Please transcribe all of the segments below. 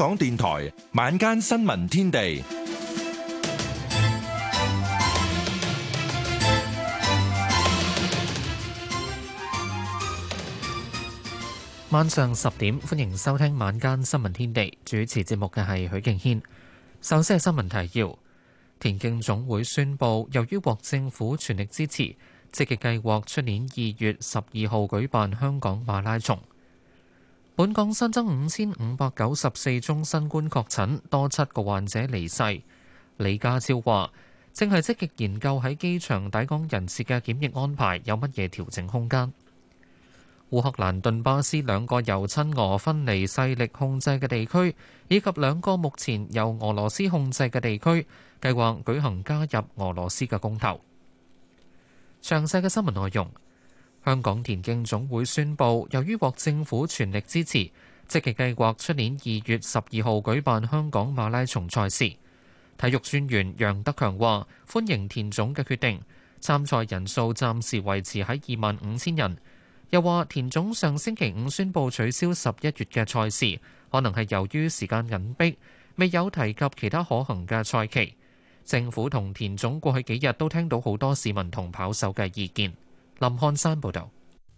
港電台晚間新聞天地，晚上十點歡迎收聽晚間新聞天地。主持節目嘅係許敬軒。首先係新聞提要：田徑總會宣布，由於獲政府全力支持，積極計劃出年二月十二號舉辦香港馬拉松。本港新增五千五百九十四宗新冠確診，多七個患者離世。李家超話正係積極研究喺機場抵港人士嘅檢疫安排有乜嘢調整空間。烏克蘭頓巴斯兩個由親俄分離勢力控制嘅地區，以及兩個目前由俄羅斯控制嘅地區，計劃舉行加入俄羅斯嘅公投。詳細嘅新聞內容。香港田徑總會宣布，由於獲政府全力支持，積極計劃出年二月十二號舉辦香港馬拉松賽事。體育專員楊德強話：歡迎田總嘅決定，參賽人數暫時維持喺二萬五千人。又話田總上星期五宣布取消十一月嘅賽事，可能係由於時間緊迫，未有提及其他可行嘅賽期。政府同田總過去幾日都聽到好多市民同跑手嘅意見。林漢山報道，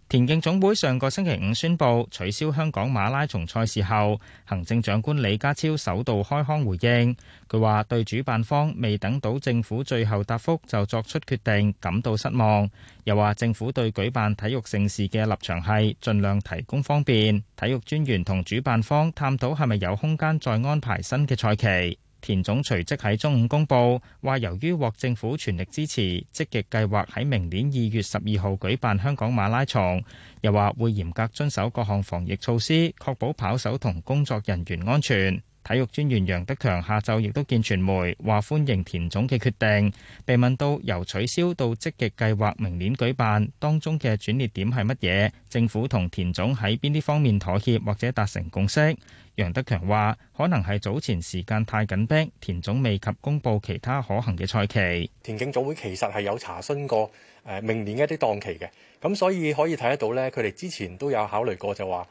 田徑總會上個星期五宣布取消香港馬拉松賽事後，行政長官李家超首度開腔回應。佢話對主辦方未等到政府最後答覆就作出決定感到失望，又話政府對舉辦體育盛事嘅立場係盡量提供方便，體育專員同主辦方探討係咪有空間再安排新嘅賽期。田總隨即喺中午公佈，話由於獲政府全力支持，積極計劃喺明年二月十二號舉辦香港馬拉松，又話會嚴格遵守各項防疫措施，確保跑手同工作人員安全。體育專員楊德強下晝亦都見傳媒，話歡迎田總嘅決定。被問到由取消到積極計劃明年舉辦當中嘅轉捩點係乜嘢，政府同田總喺邊啲方面妥協或者達成共識？楊德強話，可能係早前時間太緊迫，田總未及公布其他可行嘅賽期。田徑總會其實係有查詢過誒、呃，明年一啲檔期嘅，咁所以可以睇得到咧，佢哋之前都有考慮過就說，就話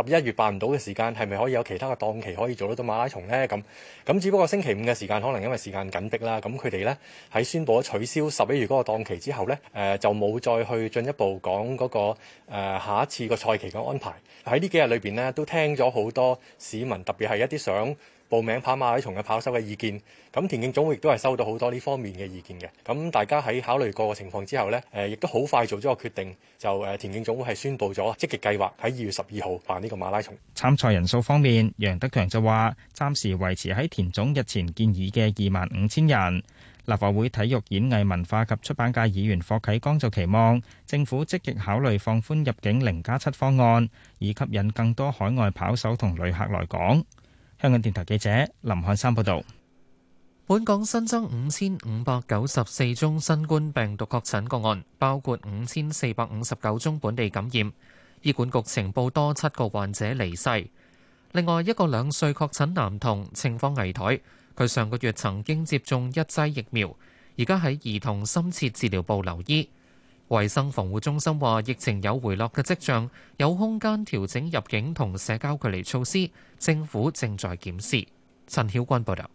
誒十一月辦唔到嘅時間，係咪可以有其他嘅檔期可以做得到馬拉松咧？咁咁只不過星期五嘅時間，可能因為時間緊迫啦，咁佢哋咧喺宣布咗取消十一月嗰個檔期之後咧，誒、呃、就冇再去進一步講嗰、嗰個誒、呃、下一次個賽期嘅安排。喺呢幾日裏邊呢，都聽咗好多，市民特別係一啲想報名跑馬拉松嘅跑手嘅意見，咁田徑總會亦都係收到好多呢方面嘅意見嘅。咁大家喺考慮過嘅情況之後呢，誒亦都好快做咗個決定，就誒田徑總會係宣布咗積極計劃喺二月十二號辦呢個馬拉松。參賽人數方面，楊德強就話暫時維持喺田總日前建議嘅二萬五千人。立法會體育、演藝、文化及出版界議員霍啟剛就期望政府積極考慮放寬入境零加七方案，以吸引更多海外跑手同旅客來港。香港電台記者林漢山報道，本港新增五千五百九十四宗新冠病毒確診個案，包括五千四百五十九宗本地感染。醫管局情報多七個患者離世，另外一個兩歲確診男童情況危殆。佢上個月曾經接種一劑疫苗，而家喺兒童深切治療部留醫。衞生防護中心話疫情有回落嘅跡象，有空間調整入境同社交距離措施，政府正在檢視。陳曉君報道。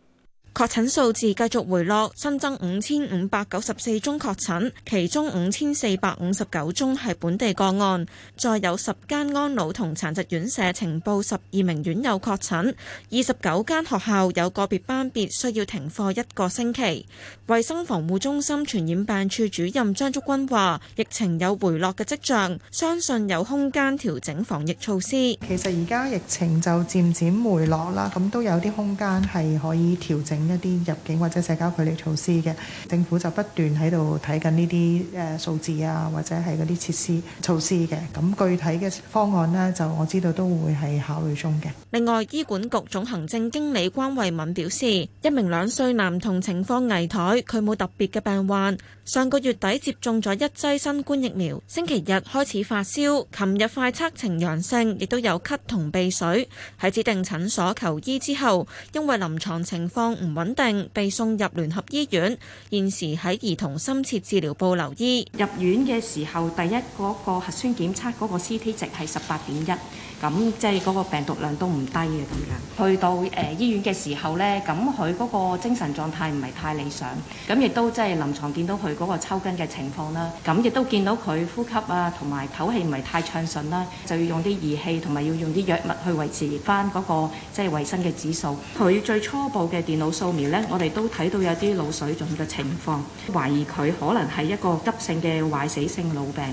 確診數字繼續回落，新增五千五百九十四宗確診，其中五千四百五十九宗係本地個案。再有十間安老同殘疾院舍呈報十二名院友確診，二十九間學校有個別班別需要停課一個星期。衛生防護中心傳染病處主任張竹君話，疫情有回落嘅跡象，相信有空間調整防疫措施。其實而家疫情就漸漸回落啦，咁都有啲空間係可以調整。一啲入境或者社交距離措施嘅政府就不斷喺度睇緊呢啲誒數字啊，或者係嗰啲設施措施嘅。咁具體嘅方案呢，就我知道都會係考慮中嘅。另外，醫管局總行政經理關慧敏表示，一名兩歲男童情況危殆，佢冇特別嘅病患。上個月底接種咗一劑新冠疫苗，星期日開始發燒，琴日快測呈陽性，亦都有咳同鼻水。喺指定診所求醫之後，因為臨床情況唔穩定，被送入聯合醫院，現時喺兒童深切治療部留醫。入院嘅時候，第一嗰個核酸檢測嗰個 CT 值係十八點一，咁即係嗰個病毒量都唔低嘅咁樣。去到誒醫院嘅時候呢，咁佢嗰個精神狀態唔係太理想，咁亦都即係臨床見到佢嗰個抽筋嘅情況啦，咁亦都見到佢呼吸啊同埋唞氣唔係太暢順啦，就要用啲儀器同埋要用啲藥物去維持翻、那、嗰個即係維生嘅指數。佢最初步嘅電腦掃描呢，我哋都睇到有啲腦水腫嘅情況，懷疑佢可能係一個急性嘅壞死性腦病。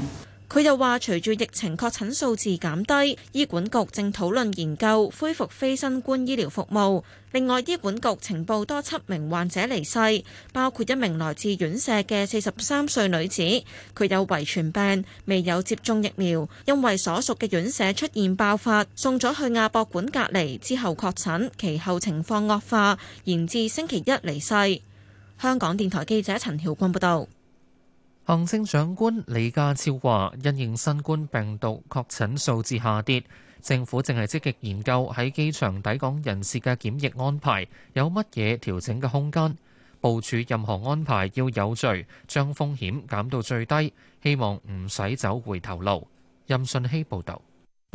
佢又話：隨住疫情確診數字減低，醫管局正討論研究恢復非新冠醫療服務。另外，醫管局呈報多七名患者離世，包括一名來自院舍嘅四十三歲女子，佢有遺傳病，未有接種疫苗，因為所屬嘅院舍出現爆發，送咗去亞博館隔離之後確診，其後情況惡化，延至星期一離世。香港電台記者陳曉君報道。行政長官李家超話，因應新冠病毒確診數字下跌，政府正係積極研究喺機場抵港人士嘅檢疫安排有乜嘢調整嘅空間。部署任何安排要有序，將風險減到最低，希望唔使走回頭路。任信希報道。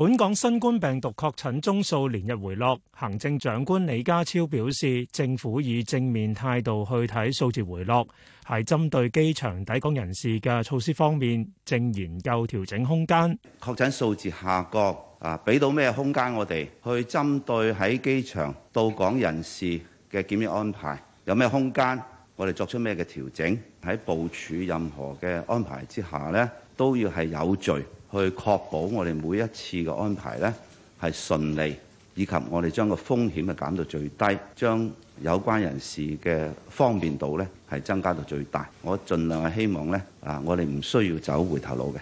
本港新冠病毒確診宗數連日回落，行政長官李家超表示，政府以正面態度去睇數字回落，係針對機場抵港人士嘅措施方面，正研究調整空間。確診數字下降啊，俾到咩空間我哋去針對喺機場到港人士嘅檢疫安排？有咩空間，我哋作出咩嘅調整？喺部署任何嘅安排之下呢，都要係有序。去確保我哋每一次嘅安排呢，係順利，以及我哋將個風險減到最低，將有關人士嘅方便度呢，係增加到最大。我盡量係希望呢，啊，我哋唔需要走回頭路嘅。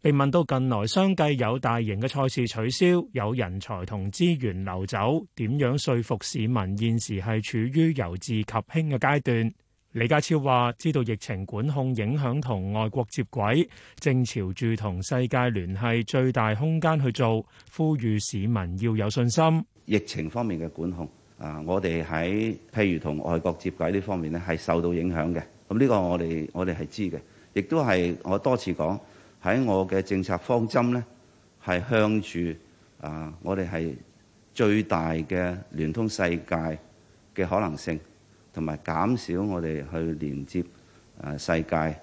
被問到近來相繼有大型嘅賽事取消，有人才同資源流走，點樣說服市民現時係處於由治及興嘅階段？李家超話：知道疫情管控影響同外國接軌，正朝住同世界聯繫最大空間去做，呼籲市民要有信心。疫情方面嘅管控啊，我哋喺譬如同外國接軌呢方面咧，係受到影響嘅。咁呢個我哋我哋係知嘅，亦都係我多次講喺我嘅政策方針呢係向住啊，我哋係最大嘅聯通世界嘅可能性。同埋減少我哋去連接誒世界，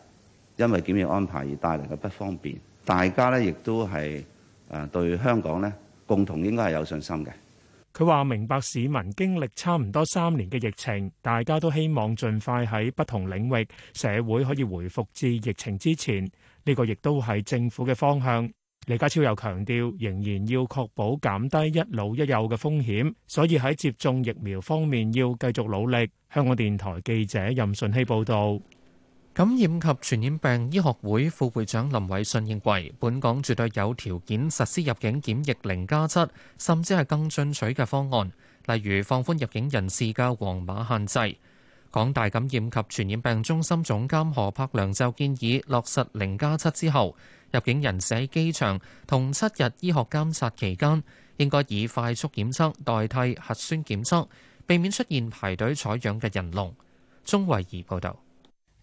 因為檢疫安排而帶嚟嘅不方便，大家咧亦都係誒對香港咧共同應該係有信心嘅。佢話明白市民經歷差唔多三年嘅疫情，大家都希望盡快喺不同領域社會可以回復至疫情之前，呢個亦都係政府嘅方向。李家超又強調，仍然要確保減低一老一幼嘅風險，所以喺接種疫苗方面要繼續努力。香港電台記者任順希報導。感染及傳染病醫學會副會長林偉信認為，本港絕對有條件實施入境檢疫零加七，甚至係更進取嘅方案，例如放寬入境人士嘅黃碼限制。港大感染及傳染病中心總監何柏良就建議，落實零加七之後，入境人士喺機場同七日醫學監察期間，應該以快速檢測代替核酸檢測，避免出現排隊採樣嘅人龍。鍾慧儀報導。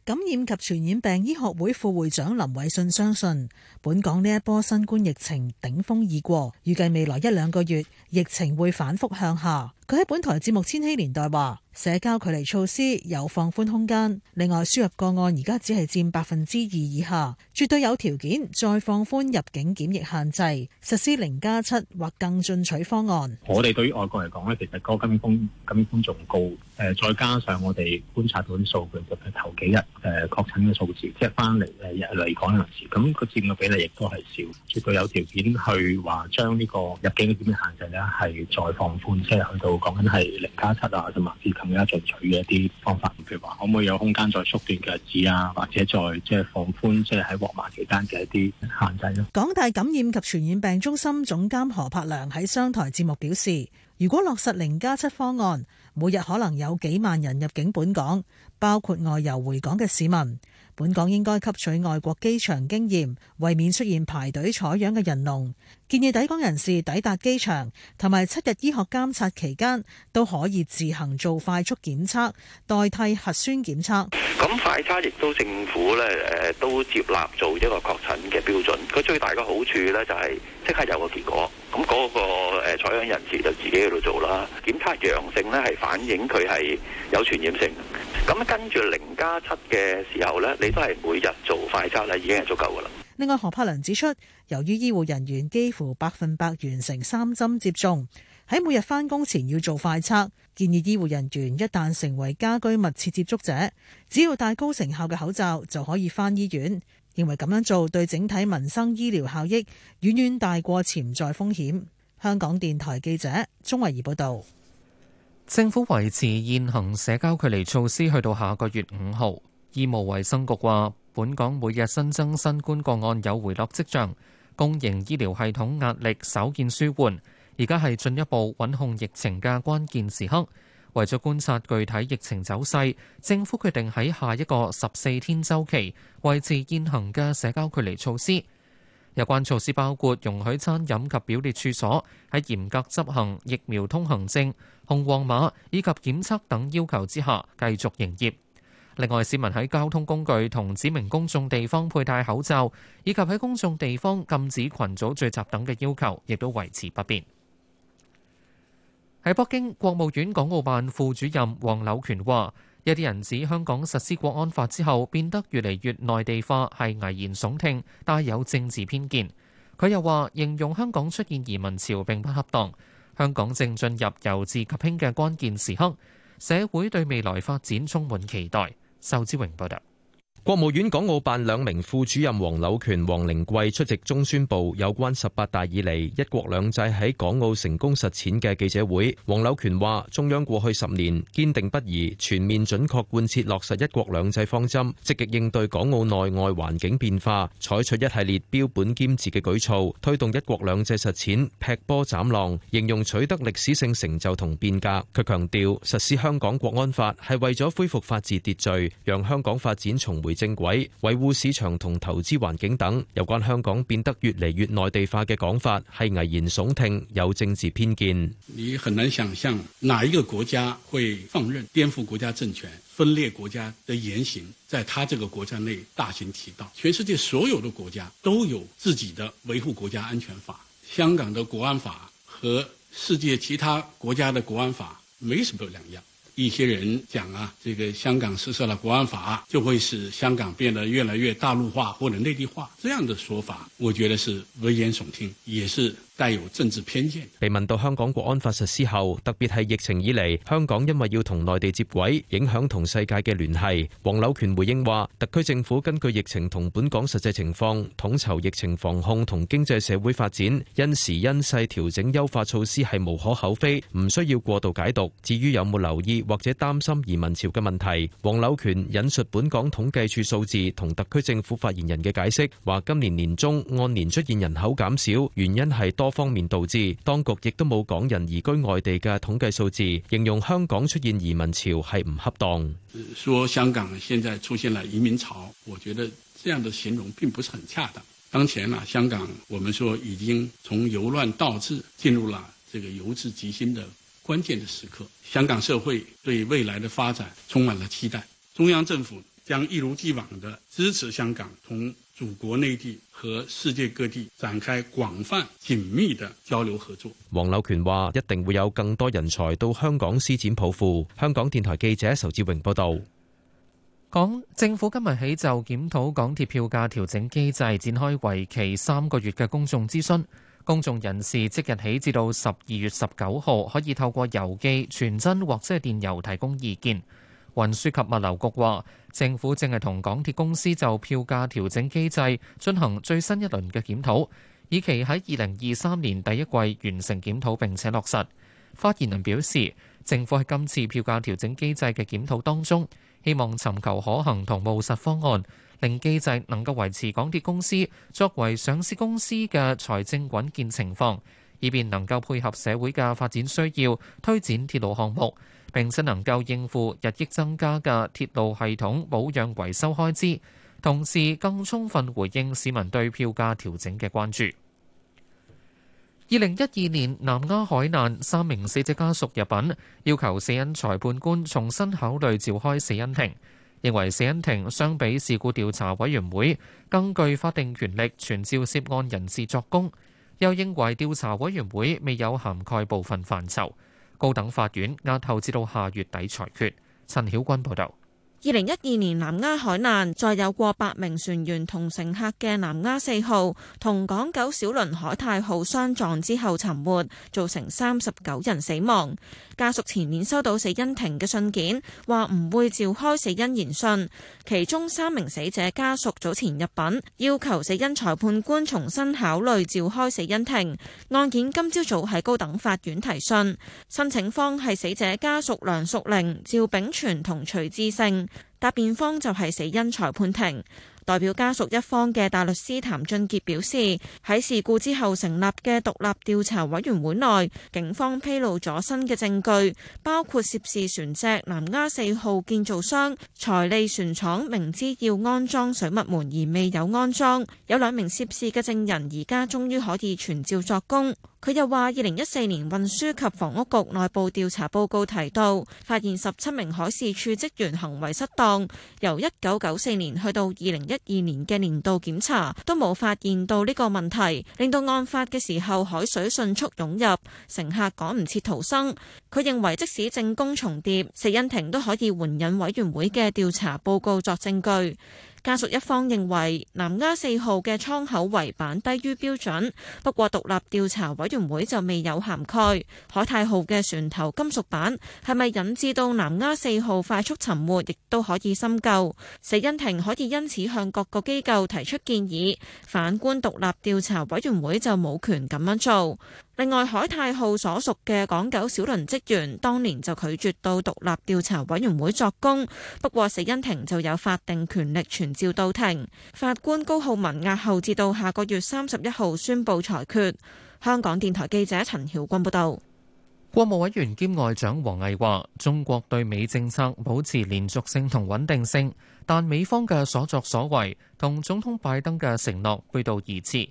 感染及傳染病醫學會副會長林偉信相信，本港呢一波新冠疫情頂峰已過，預計未來一兩個月疫情會反覆向下。佢喺本台節目《千禧年代》話，社交距離措施有放寬空間。另外輸入個案而家只係佔百分之二以下，絕對有條件再放寬入境檢疫限制，實施零加七或更進取方案。我哋對於外國嚟講咧，其實嗰個金風金風仲高，誒，再加上我哋觀察到啲數據就係頭幾日誒確診嘅數字，即係翻嚟日嚟港嘅人士，咁佢佔嘅比例亦都係少，絕對有條件去話將呢個入境檢疫限制咧係再放寬，即係去到。講緊係零加七啊，同埋至更加進取嘅一啲方法，譬如話可唔可以有空間再縮短日子啊，或者再即係放寬，即係喺黃碼期間嘅一啲限制咯。港大感染及傳染病中心總監何柏良喺商台節目表示，如果落實零加七方案，每日可能有幾萬人入境本港，包括外遊回港嘅市民。本港應該吸取外國機場經驗，為免出現排隊採樣嘅人龍，建議抵港人士抵達機場同埋七日醫學監察期間都可以自行做快速檢測，代替核酸檢測。咁快測亦都政府咧，誒都接納做一個確診嘅標準。佢最大嘅好處咧，就係即刻有個結果。咁嗰個誒採樣人士就自己喺度做啦。檢測陽性咧，係反映佢係有傳染性。咁跟住零加七嘅時候呢，你都係每日做快測呢已經係足夠噶啦。另外，何柏良指出，由於醫護人員幾乎百分百完成三針接種，喺每日返工前要做快測，建議醫護人員一旦成為家居密切接觸者，只要戴高成效嘅口罩就可以返醫院。認為咁樣做對整體民生醫療效益遠遠大過潛在風險。香港電台記者鍾慧儀報道。政府維持現行社交距離措施，去到下個月五號。醫務衛生局話，本港每日新增新冠個案有回落跡象，公營醫療系統壓力稍見舒緩。而家係進一步穩控疫情嘅關鍵時刻，為咗觀察具體疫情走勢，政府決定喺下一個十四天周期維持現行嘅社交距離措施。有關措施包括容許餐飲及表列處所喺嚴格執行疫苗通行證。紅黃碼以及檢測等要求之下繼續營業。另外，市民喺交通工具同指明公眾地方佩戴口罩，以及喺公眾地方禁止群組聚集等嘅要求，亦都維持不變。喺北京，國務院港澳辦副主任黃柳權話：一啲人指香港實施國安法之後變得越嚟越內地化，係危言聳聽，帶有政治偏見。佢又話：形容香港出現移民潮並不恰當。香港正進入由治及興嘅關鍵時刻，社會對未來發展充滿期待。仇志榮報道。國務院港澳辦兩名副主任黃柳權、黃寧貴出席中宣部有關十八大以嚟一國兩制喺港澳成功實踐嘅記者會。黃柳權話：中央過去十年堅定不移、全面準確貫徹落實一國兩制方針，積極應對港澳內外環境變化，採取一系列標本兼治嘅舉措，推動一國兩制實踐劈波斬浪，形容取得歷史性成就同變革。佢強調，實施香港國安法係為咗恢復法治秩序，讓香港發展重回。正軌、維護市場同投資環境等，有關香港變得越嚟越內地化嘅講法，係危言聳聽，有政治偏見。你很難想象哪一個國家會放任顛覆國家政權、分裂國家的言行，在他這個國家內大行其道。全世界所有的國家都有自己的維護國家安全法，香港的國安法和世界其他國家的國安法沒什麼兩樣。一些人講啊，這個香港實施了國安法，就會使香港變得越來越大陸化或者內地化，這樣的說法，我覺得是危言聳聽，也是。帶有政治偏見。被問到香港國安法實施後，特別係疫情以嚟，香港因為要同內地接軌，影響同世界嘅聯繫，黃柳權回應話：特區政府根據疫情同本港實際情況，統籌疫情防控同經濟社會發展，因時因勢調整優化措施係無可厚非，唔需要過度解讀。至於有冇留意或者擔心移民潮嘅問題，黃柳權引述本港統計處數字同特區政府發言人嘅解釋，話今年年中按年出現人口減少，原因係多。多方面導致，當局亦都冇港人移居外地嘅統計數字，形容香港出現移民潮係唔恰當。說香港現在出現了移民潮，我覺得這樣的形容並不是很恰當。當前啊，香港我們說已經從由亂到治進入了這個由治及興的關鍵的時刻，香港社會對未來的發展充滿了期待。中央政府，將一如既往的支持香港，同祖國內地和世界各地展開廣泛緊密的交流合作。黃柳權話，一定會有更多人才到香港施展抱負。香港電台記者仇志榮報道。港政府今日起就檢討港鐵票價調整機制展開為期三個月嘅公眾諮詢，公眾人士即日起至到十二月十九號可以透過郵寄、傳真或者係電郵提供意見。運輸及物流局話，政府正係同港鐵公司就票價調整機制進行最新一輪嘅檢討，以期喺二零二三年第一季完成檢討並且落實。發言人表示，政府喺今次票價調整機制嘅檢討當中，希望尋求可行同務實方案，令機制能夠維持港鐵公司作為上市公司嘅財政穩健情況，以便能夠配合社會嘅發展需要，推展鐵路項目，並且能夠應付日益增加嘅鐵路系統保養維修開支，同時更充分回應市民對票價調整嘅關注。二零一二年南丫海難，三名死者家屬入禀，要求死因裁判官重新考慮召開死因庭，認為死因庭相比事故調查委員會更具法定權力，傳召涉案人士作供，又認為調查委員會未有涵蓋部分範疇。高等法院押後至到下月底裁決，陳曉君報道。二零一二年南丫海南再有過百名船員同乘客嘅南丫四號同港九小輪海泰號相撞之後沉沒，造成三十九人死亡。家屬前年收到死因庭嘅信件，話唔會召開死因言訊。其中三名死者家屬早前入禀，要求死因裁判官重新考慮召開死因庭。案件今朝早喺高等法院提訊，申請方係死者家屬梁淑玲、趙炳全同徐志勝。答辯方就係死因裁判庭，代表家屬一方嘅大律師譚俊傑表示，喺事故之後成立嘅獨立調查委員會內，警方披露咗新嘅證據，包括涉事船隻南丫四號建造商財利船廠明知要安裝水密門而未有安裝，有兩名涉事嘅證人而家終於可以傳召作供。佢又話：二零一四年運輸及房屋局內部調查報告提到，發現十七名海事處職員行為失當。由一九九四年去到二零一二年嘅年度檢查都冇發現到呢個問題，令到案發嘅時候海水迅速湧入，乘客趕唔切逃生。佢認為即使證供重疊，石恩廷都可以援引委員會嘅調查報告作證據。家屬一方認為南丫四號嘅艙口圍板低於標準，不過獨立調查委員會就未有涵蓋。海泰號嘅船頭金屬板係咪引致到南丫四號快速沉沒？亦都可以深究。死因庭可以因此向各個機構提出建議，反觀獨立調查委員會就冇權咁樣做。另外，海泰號所屬嘅港九小輪職員當年就拒絕到獨立調查委員會作供，不過死因庭就有法定權力傳召到庭。法官高浩文押後至到下個月三十一號宣布裁決。香港電台記者陳曉君報導。國務委員兼外長王毅話：中國對美政策保持連續性同穩定性，但美方嘅所作所為同總統拜登嘅承諾背道而馳。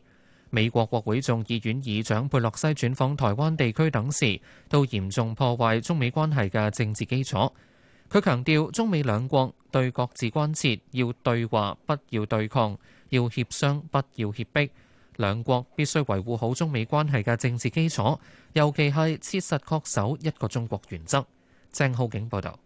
美國國會眾議院議長佩洛西轉訪台灣地區等時，都嚴重破壞中美關係嘅政治基礎。佢強調，中美兩國對各自關切要對話，不要對抗；要協商，不要脅迫。兩國必須維護好中美關係嘅政治基礎，尤其係切實確守一個中國原則。鄭浩景報導。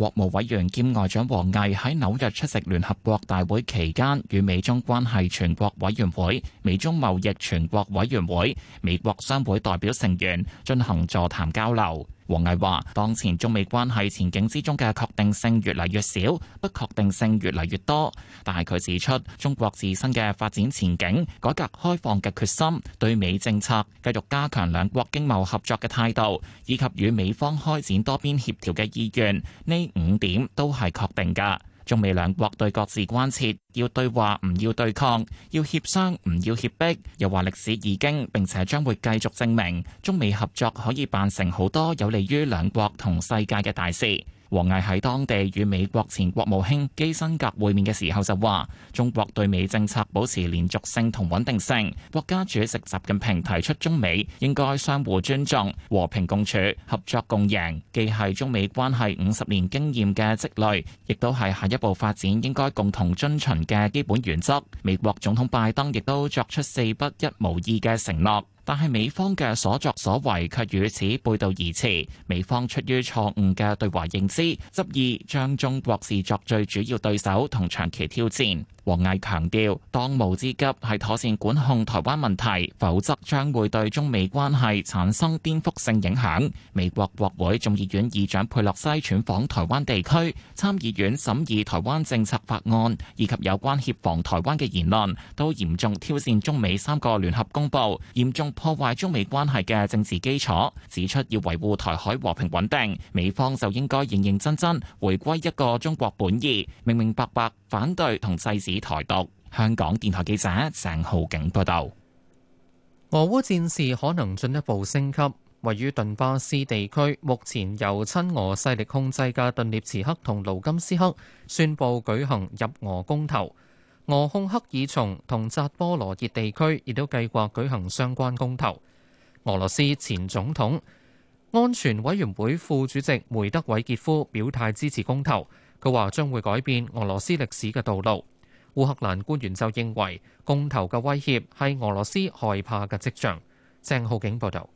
國務委員兼外長王毅喺紐約出席聯合國大會期間，與美中關係全國委員會、美中貿易全國委員會、美國商會代表成員進行座談交流。王毅話，當前中美關係前景之中嘅確定性越嚟越少，不確定性越嚟越多。但係佢指出，中國自身嘅發展前景、改革開放嘅決心、對美政策繼續加強兩國經貿合作嘅態度，以及與美方開展多邊協調嘅意願，呢五點都係確定嘅。中美兩國對各自關切，要對話唔要對抗，要協商唔要脅迫，又話歷史已經並且將會繼續證明，中美合作可以辦成好多有利於兩國同世界嘅大事。王毅喺當地與美國前國務卿基辛格會面嘅時候就話：中國對美政策保持連續性同穩定性。國家主席習近平提出中美應該相互尊重、和平共處、合作共贏，既係中美關係五十年經驗嘅積累，亦都係下一步發展應該共同遵循嘅基本原則。美國總統拜登亦都作出四不一無二嘅承諾。但係美方嘅所作所為卻與此背道而馳。美方出於錯誤嘅對華認知，執意將中國視作最主要對手同長期挑戰。王毅強調，當務之急係妥善管控台灣問題，否則將會對中美關係產生顛覆性影響。美國國會眾議院議長佩洛西竄訪台灣地區，參議院審議台灣政策法案以及有關協防台灣嘅言論，都嚴重挑戰中美三個聯合公報，嚴重破壞中美關係嘅政治基礎，指出要維護台海和平穩定，美方就應該認認真真回歸一個中國本意，明明白白反對同制止台獨。香港電台記者鄭浩景報道。俄烏戰事可能進一步升級，位於頓巴斯地區目前由親俄勢力控制嘅頓涅茨克同盧甘斯克宣佈舉行入俄公投。俄控克爾松同扎波羅熱地區亦都計劃舉行相關公投。俄羅斯前總統安全委員會副主席梅德韋傑夫表態支持公投，佢話將會改變俄羅斯歷史嘅道路。烏克蘭官員就認為公投嘅威脅，係俄羅斯害怕嘅跡象。鄭浩景報道。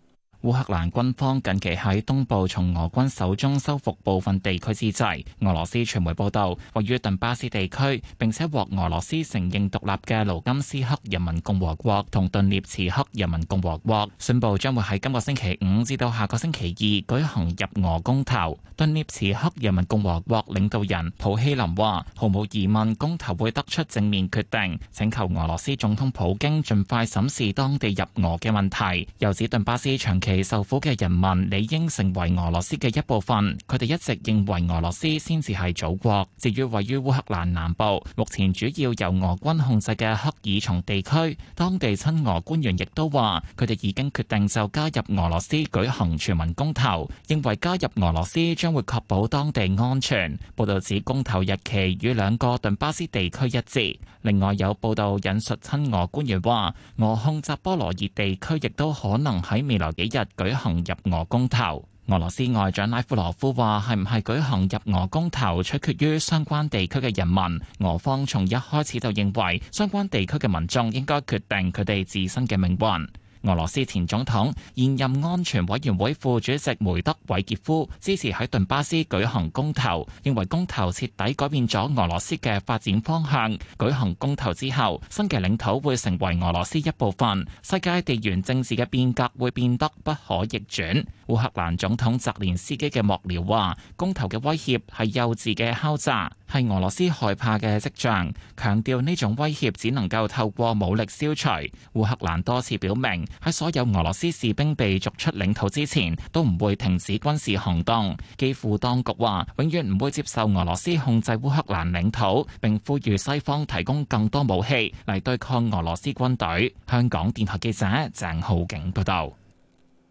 烏克蘭軍方近期喺東部從俄軍手中收復部分地區之際，俄羅斯傳媒報道，位於頓巴斯地區並且獲俄羅斯承認獨立嘅盧甘斯克人民共和國同頓涅茨克人民共和國宣布將會喺今個星期五至到下個星期二舉行入俄公投。頓涅茨克人民共和國領導人普希林話，毫無疑問，公投會得出正面決定，請求俄羅斯總統普京盡快審視當地入俄嘅問題，又指頓巴斯長期。受苦嘅人民理應成為俄羅斯嘅一部分，佢哋一直認為俄羅斯先至係祖國。至於位於烏克蘭南部、目前主要由俄軍控制嘅赫爾松地區，當地親俄官員亦都話，佢哋已經決定就加入俄羅斯舉行全民公投，認為加入俄羅斯將會確保當地安全。報道指公投日期與兩個頓巴斯地區一致。另外有報道引述親俄官員話，俄控扎波羅熱地區亦都可能喺未來幾日舉行入俄公投，俄羅斯外長拉夫羅夫話：係唔係舉行入俄公投，取決於相關地區嘅人民。俄方從一開始就認為，相關地區嘅民眾應該決定佢哋自身嘅命運。俄羅斯前總統現任安全委員會副主席梅德韋傑夫支持喺頓巴斯舉行公投，認為公投徹底改變咗俄羅斯嘅發展方向。舉行公投之後，新嘅領土會成為俄羅斯一部分，世界地緣政治嘅變革會變得不可逆轉。烏克蘭總統澤連斯基嘅幕僚話：公投嘅威脅係幼稚嘅敲詐，係俄羅斯害怕嘅跡象。強調呢種威脅只能夠透過武力消除。烏克蘭多次表明，喺所有俄羅斯士兵被逐出領土之前，都唔會停止軍事行動。基輔當局話永遠唔會接受俄羅斯控制烏克蘭領土，並呼籲西方提供更多武器嚟對抗俄羅斯軍隊。香港電台記者鄭浩景報道。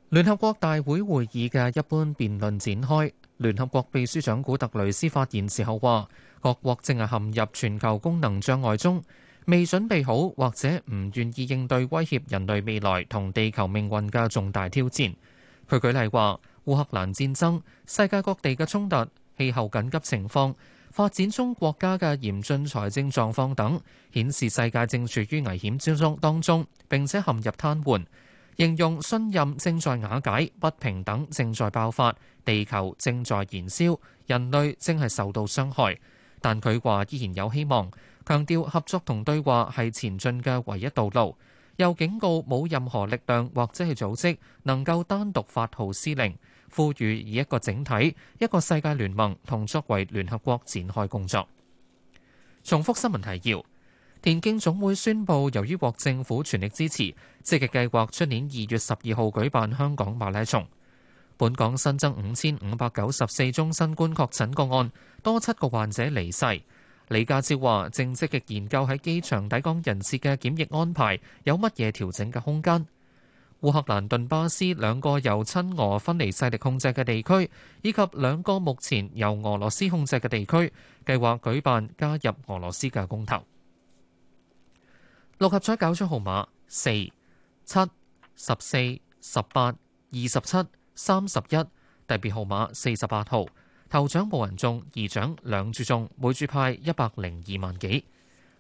聯合國大會會議嘅一般辯論展開，聯合國秘書長古特雷斯發言時候話：各國正係陷入全球功能障礙中。未準備好或者唔願意應對威脅人類未來同地球命運嘅重大挑戰。佢舉例話，烏克蘭戰爭、世界各地嘅衝突、氣候緊急情況、發展中國家嘅嚴峻財政狀況等，顯示世界正處於危險之中當中，並且陷入癱瘓。形容信任正在瓦解，不平等正在爆發，地球正在燃燒，人類正係受到傷害。但佢話依然有希望。強調合作同對話係前進嘅唯一道路，又警告冇任何力量或者係組織能夠單獨發號施令，呼籲以一個整體、一個世界聯盟同作為聯合國展開工作。重複新聞提要：田徑總會宣布，由於獲政府全力支持，積極計劃出年二月十二號舉辦香港馬拉松。本港新增五千五百九十四宗新冠確診個案，多七個患者離世。李家超話正積極研究喺機場抵港人士嘅檢疫安排，有乜嘢調整嘅空間？烏克蘭頓巴斯兩個由親俄分離勢力控制嘅地區，以及兩個目前由俄羅斯控制嘅地區，計劃舉辦加入俄羅斯嘅公投。六合彩攪出號碼四七十四十八二十七三十一，特別號碼四十八號。頭獎冇人中，二獎兩注中，每注派一百零二萬幾。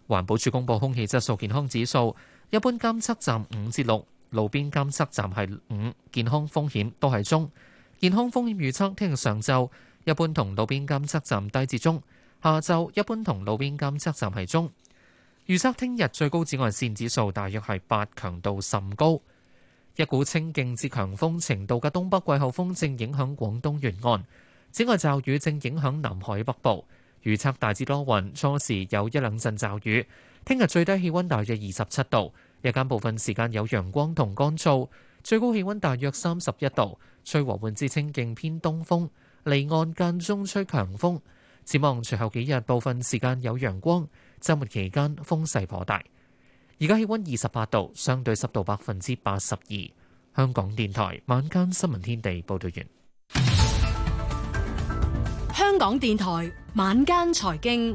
環保署公布空氣質素健康指數，一般監測站五至六，路邊監測站係五，健康風險都係中。健康風險預測聽日上晝一般同路邊監測站低至中，下晝一般同路邊監測站係中。預測聽日最高紫外線指數大約係八，強度甚高。一股清勁至強風程度嘅東北季候風正影響廣東沿岸。此外驟雨正影響南海北部，預測大致多雲，初時有一兩陣驟雨。聽日最低氣溫大約二十七度，日間部分時間有陽光同乾燥，最高氣溫大約三十一度，吹和緩至清勁偏東風，離岸間中吹強風，展望隨後幾日部分時間有陽光，周末期間風勢頗大。而家氣溫二十八度，相對濕度百分之八十二。香港電台晚間新聞天地報道完。港電台晚間財經，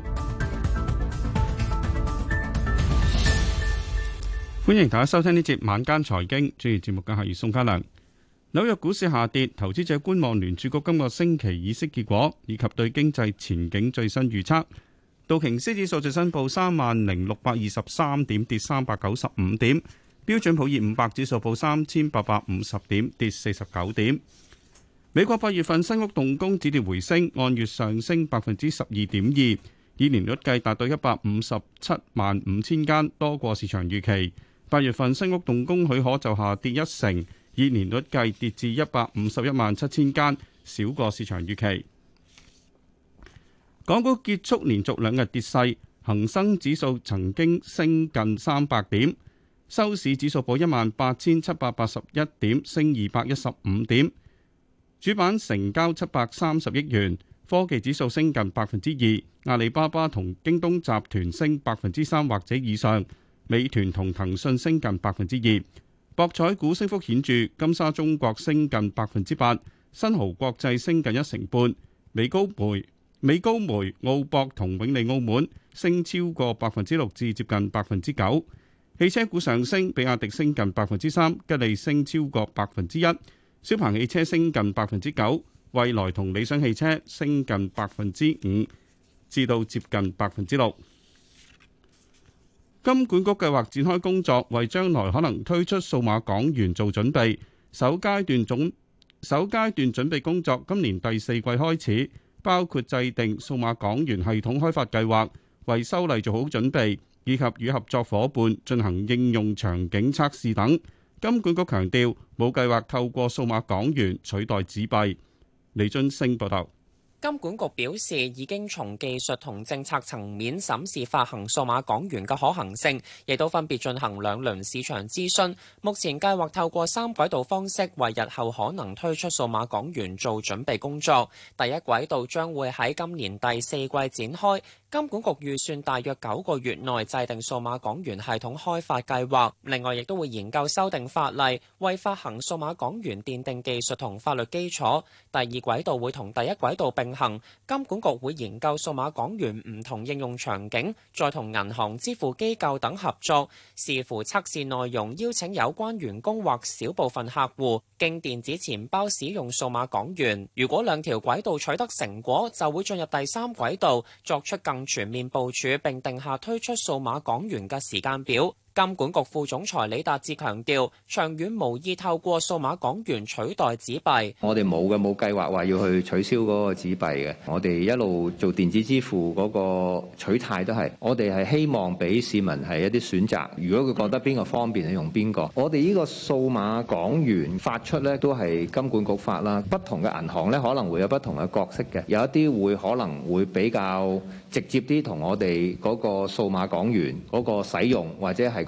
歡迎大家收聽呢節晚間財經專業節目，嘅下係宋嘉良。紐約股市下跌，投資者觀望聯儲局今個星期議息結果，以及對經濟前景最新預測。道瓊斯指數最新報三萬零六百二十三點，跌三百九十五點；標準普爾五百指數報三千八百五十點，跌四十九點。美國八月份新屋動工止跌回升，按月上升百分之十二點二，以年率計達到一百五十七萬五千間，多過市場預期。八月份新屋動工許可就下跌一成，以年率計跌至一百五十一萬七千間，少過市場預期。港股結束連續兩日跌勢，恒生指數曾經升近三百點，收市指數報一萬八千七百八十一點，升二百一十五點。主板成交七百三十億元，科技指數升近百分之二，阿里巴巴同京東集團升百分之三或者以上，美團同騰訊升近百分之二，博彩股升幅顯著，金沙中國升近百分之八，新濠國際升近一成半，美高梅、美高梅、澳博同永利澳門升超過百分之六至接近百分之九，汽車股上升，比亞迪升近百分之三，吉利升超過百分之一。小鵬汽車升近百分之九，蔚來同理想汽車升近百分之五至到接近百分之六。金管局計劃展開工作，為將來可能推出數碼港元做準備。首階段總首階段準備工作今年第四季開始，包括制定數碼港元系統開發計劃、為修例做好準備，以及與合作伙伴進行應用場景測試等。金管局強調，冇計劃透過數碼港元取代紙幣。李津升報道，金管局表示已經從技術同政策層面審視發行數碼港元嘅可行性，亦都分別進行兩輪市場諮詢。目前計劃透過三軌道方式為日後可能推出數碼港元做準備工作。第一軌道將會喺今年第四季展開。金管局預算大約九個月內制定數碼港元系統開發計劃，另外亦都會研究修訂法例，為發行數碼港元奠定技術同法律基礎。第二軌道會同第一軌道並行，金管局會研究數碼港元唔同應用場景，再同銀行、支付機構等合作，視乎測試內容，邀請有關員工或少部分客戶經電子錢包使用數碼港元。如果兩條軌道取得成果，就會進入第三軌道，作出更全面部署，並定下推出數碼港元嘅時間表。金管局副總裁李達志強調，長遠無意透過數碼港元取代紙幣。我哋冇嘅，冇計劃話要去取消嗰個紙幣嘅。我哋一路做電子支付嗰個取態都係，我哋係希望俾市民係一啲選擇，如果佢覺得邊個方便就用邊個。我哋呢個數碼港元發出咧，都係金管局發啦。不同嘅銀行咧，可能會有不同嘅角色嘅，有一啲會可能會比較直接啲同我哋嗰個數碼港元嗰個使用或者係。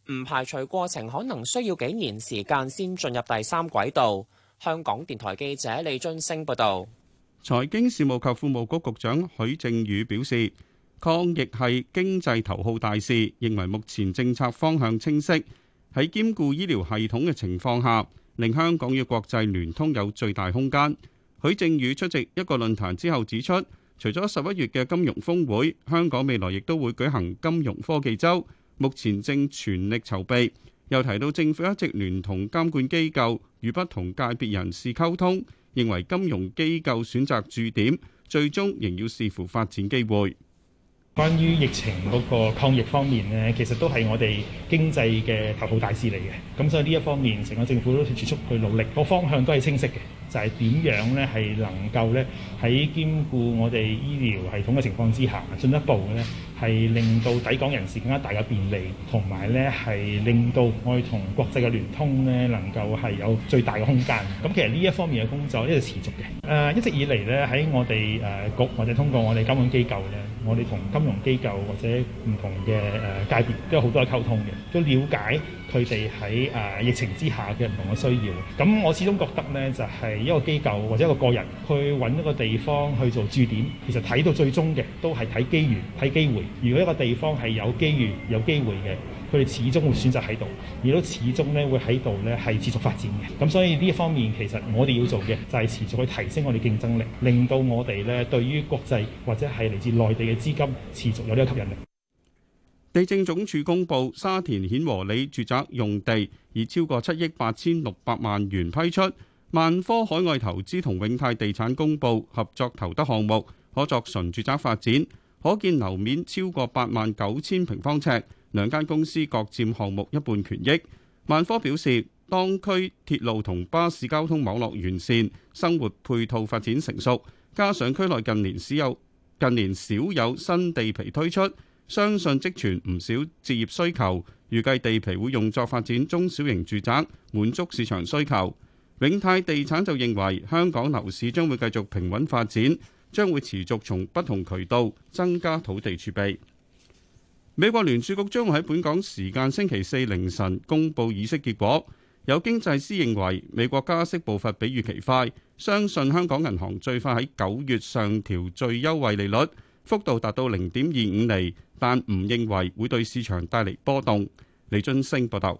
唔排除過程可能需要幾年時間先進入第三軌道。香港電台記者李津升報道。財經事務及庫務局局長許正宇表示，抗疫係經濟頭號大事，認為目前政策方向清晰，喺兼顧醫療系統嘅情況下，令香港與國際聯通有最大空間。許正宇出席一個論壇之後指出，除咗十一月嘅金融峰會，香港未來亦都會舉行金融科技週。目前正全力籌備，又提到政府一直聯同監管機構與不同界別人士溝通，認為金融機構選擇駐點最終仍要視乎發展機會。關於疫情嗰個抗疫方面咧，其實都係我哋經濟嘅頭號大事嚟嘅，咁所以呢一方面，成個政府都持續去努力，個方向都係清晰嘅，就係點樣咧係能夠咧喺兼顧我哋醫療系統嘅情況之下，進一步嘅咧。係令到抵港人士更加大嘅便利，同埋呢係令到我哋同國際嘅聯通呢能夠係有最大嘅空間。咁其實呢一方面嘅工作一直持續嘅、呃。一直以嚟呢喺我哋、呃、局或者通過我哋金融機構呢，我哋同金融機構或者唔同嘅、呃、界別都有好多嘅溝通嘅，都了解佢哋喺疫情之下嘅唔同嘅需要。咁我始終覺得呢就係、是、一個機構或者一個個人去揾一個地方去做駐點，其實睇到最終嘅都係睇機緣、睇機會。如果一個地方係有機遇、有機會嘅，佢哋始終會選擇喺度，亦都始終呢會喺度呢係持續發展嘅。咁所以呢一方面，其實我哋要做嘅就係持續去提升我哋競爭力，令到我哋呢對於國際或者係嚟自內地嘅資金持續有呢個吸引力。地政總署公布沙田顯和里住宅用地以超過七億八千六百萬元批出，萬科海外投資同永泰地產公布合作投得項目，可作純住宅發展。可見樓面超過八萬九千平方尺，兩間公司各佔項目一半權益。萬科表示，當區鐵路同巴士交通網絡完善，生活配套發展成熟，加上區內近年使有、近年少有新地皮推出，相信積存唔少置業需求。預計地皮會用作發展中小型住宅，滿足市場需求。永泰地產就認為，香港樓市將會繼續平穩發展。將會持續從不同渠道增加土地儲備。美國聯儲局將會喺本港時間星期四凌晨公布議息結果。有經濟師認為美國加息步伐比預期快，相信香港銀行最快喺九月上調最優惠利率，幅度達到零點二五厘，但唔認為會對市場帶嚟波動。李俊升報道。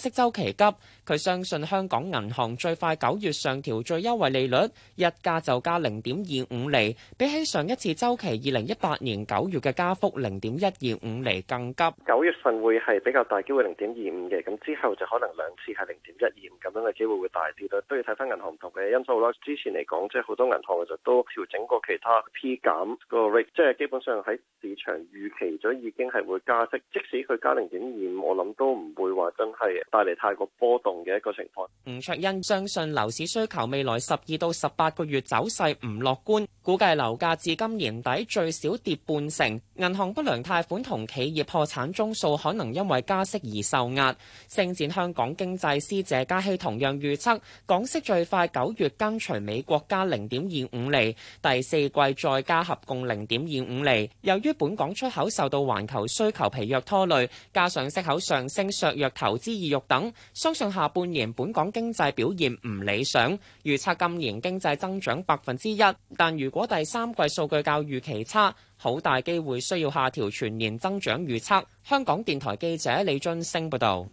息周期急，佢相信香港銀行最快九月上調最優惠利率，一加就加零點二五厘，比起上一次周期二零一八年九月嘅加幅零點一二五厘更急。九月份會係比較大機會零點二五嘅，咁之後就可能兩次係零點一二五咁樣嘅機會會大啲啦，都要睇翻銀行唔同嘅因素啦。之前嚟講，即係好多銀行其實都調整過其他 P 減、𠮶 個 rate，即係基本上喺市場預期咗已經係會加息，即使佢加零點二五，我諗都唔會話真係。帶嚟太過波動嘅一個情況。吳卓恩相信樓市需求未來十二到十八個月走勢唔樂觀，估計樓價至今年底最少跌半成。銀行不良貸款同企業破產宗數可能因為加息而受壓。星展香港經濟師謝嘉熙同樣預測港息最快九月跟隨美國加零點二五厘，第四季再加合共零點二五厘。由於本港出口受到環球需求疲弱拖累，加上息口上升削弱投資意欲。等相信下半年本港經濟表現唔理想，預測今年經濟增長百分之一。但如果第三季數據較預期差，好大機會需要下調全年增長預測。香港電台記者李俊升報道：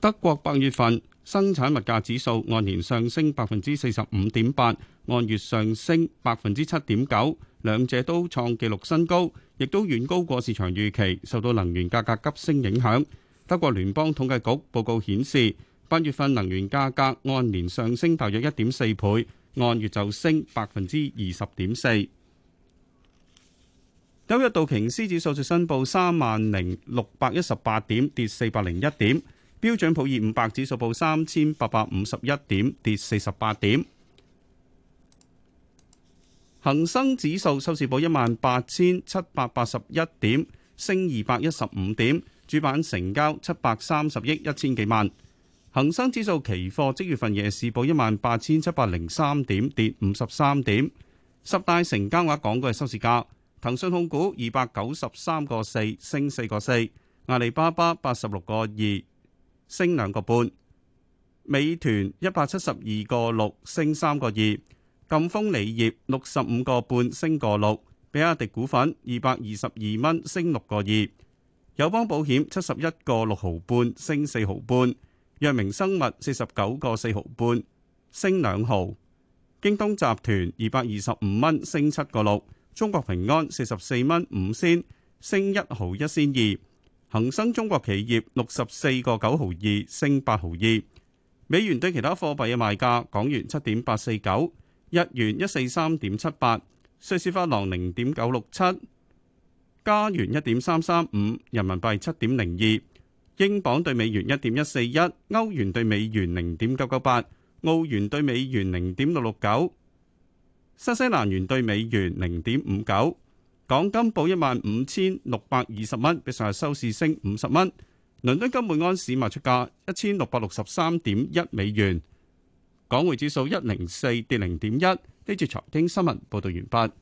德國八月份生產物價指數按年上升百分之四十五點八，按月上升百分之七點九，兩者都創紀錄新高，亦都遠高過市場預期，受到能源價格急升影響。德國聯邦統計局報告顯示，八月份能源價格按年上升大約一點四倍，按月就升百分之二十點四。周一道瓊斯指數最新報三萬零六百一十八點，跌四百零一點；標準普爾五百指數報三千八百五十一點，跌四十八點。恒生指數收市報一萬八千七百八十一點，升二百一十五點。主板成交七百三十億一千幾萬，恒生指數期貨即月份夜市報一萬八千七百零三點，跌五十三點。十大成交額講句收市價，騰訊控股二百九十三個四，升四個四；阿里巴巴八十六個二，升兩個半；美團一百七十二個六，升三個二；贛鋒鋰業六十五個半，升個六；比亞迪股份二百二十二蚊，升六個二。友邦保險七十一個六毫半，升四毫半；藥明生物四十九個四毫半，升兩毫；京東集團二百二十五蚊，升七個六；中國平安四十四蚊五仙，升一毫一仙二；恒生中國企業六十四個九毫二，升八毫二。美元對其他貨幣嘅賣價：港元七點八四九，日元一四三點七八，瑞士法郎零點九六七。加元一點三三五，人民幣七點零二，英鎊兌美元一點一四一，歐元兌美元零點九九八，澳元兌美元零點六六九，新西蘭元兌美元零點五九。港金報一萬五千六百二十蚊，比上日收市升五十蚊。倫敦金每安士賣出價一千六百六十三點一美元。港匯指數一零四跌零點一。呢節財經新聞報道完畢。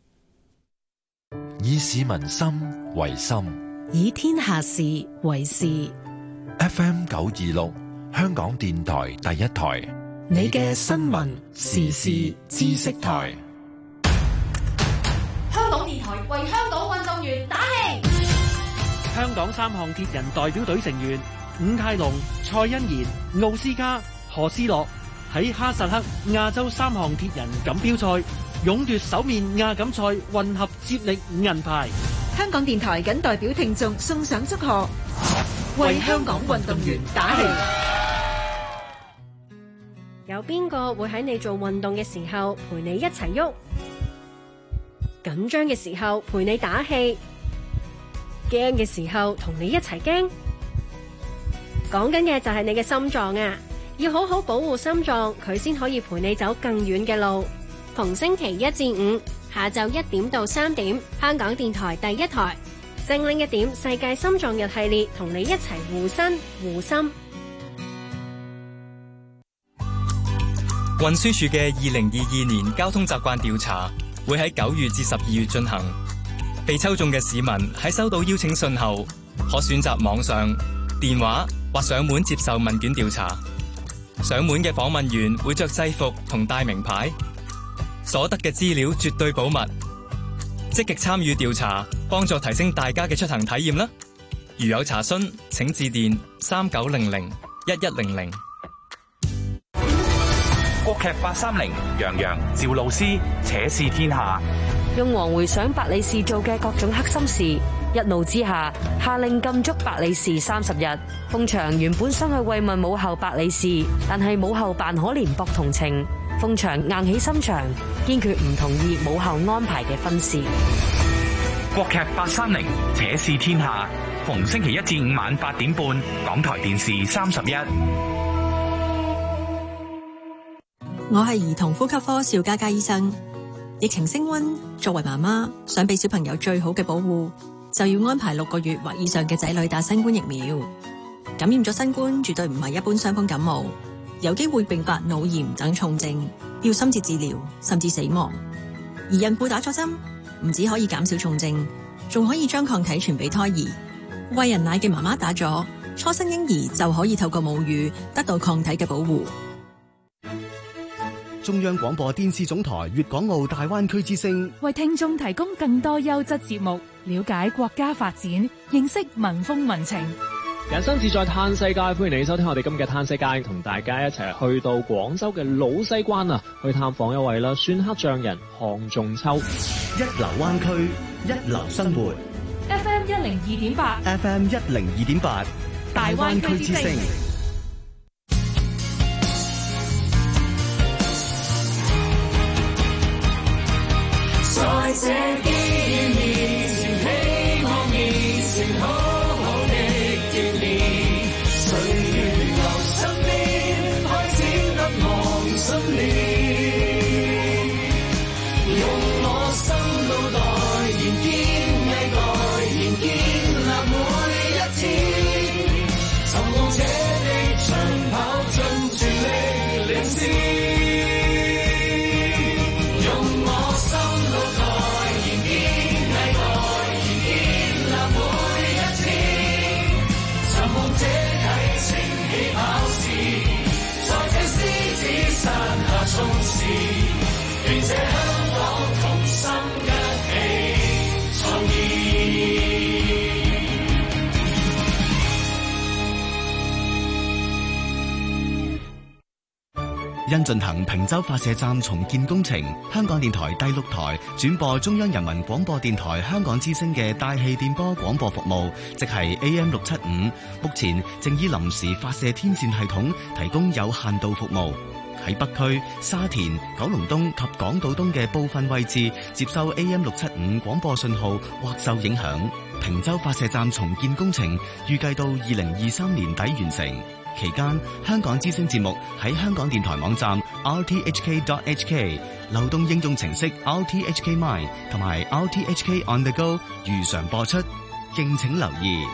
以市民心。為心以天下事為事。F. M. 九二六香港電台第一台，你嘅新聞時事知識台。香港電台為香港運動員打氣。香港三項鐵人代表隊成員伍泰龍、蔡欣妍、奧斯卡、何思樂喺哈薩克亞洲三項鐵人錦標賽，勇奪首面亞錦賽混合接力五銀牌。香港電台謹代表聽眾送上祝賀，為香港運動員打氣。有邊個會喺你做運動嘅時候陪你一齊喐？緊張嘅時候陪你打氣，驚嘅時候同你一齊驚。講緊嘅就係你嘅心臟啊！要好好保護心臟，佢先可以陪你走更遠嘅路。逢星期一至五。下晝一點到三點，香港電台第一台，正拎一點世界心臟日系列，同你一齊護身護心。運輸署嘅二零二二年交通習慣調查會喺九月至十二月進行，被抽中嘅市民喺收到邀請信後，可選擇網上、電話或上門接受問卷調查。上門嘅訪問員會着制服同戴名牌。所得嘅資料絕對保密，積極參與調查，幫助提升大家嘅出行體驗啦。如有查詢，請致電三九零零一一零零。國劇八三零，楊洋、趙露思，且試天下。雍王回想百里氏做嘅各種黑心事，一怒之下下令禁足百里氏三十日。鳳翔原本想去慰問母後百里氏，但係母後扮可憐博同情。鳳祥硬起心腸，堅決唔同意母后安排嘅婚事。國劇《八三零》，且試天下，逢星期一至五晚八點半，港台電視三十一。我係兒童呼吸科邵嘉嘉醫生。疫情升温，作為媽媽，想俾小朋友最好嘅保護，就要安排六個月或以上嘅仔女打新冠疫苗。感染咗新冠，絕對唔係一般傷風感冒。有機會併發腦炎等重症，要深切治療，甚至死亡。而孕婦打咗針，唔止可以減少重症，仲可以將抗體傳俾胎兒。餵人奶嘅媽媽打咗，初生嬰兒就可以透過母乳得到抗體嘅保護。中央廣播電視總台粵港澳大灣區之聲為聽眾提供更多優質節目，了解國家發展，認識民風民情。人生自在嘆世界。歡迎你收聽我哋今日嘅《嘆世界》，同大家一齊去到廣州嘅老西關啊，去探訪一位啦，酸黑匠人項仲秋。一流灣區，一流生活。F M 一零二點八。F M 一零二點八，大灣區之聲。進行平洲發射站重建工程，香港電台第六台轉播中央人民廣播電台香港之聲嘅大氣電波廣播服務，即係 AM 六七五，目前正以臨時發射天線系統提供有限度服務。喺北區、沙田、九龍東及港島東嘅部分位置接收 AM 六七五廣播信號或受影響。平洲發射站重建工程預計到二零二三年底完成。期間，香港之聲節目喺香港電台網站 rthk.hk、流動應用程式 rthk mine 同埋 rthk on the go 如常播出，敬請留意。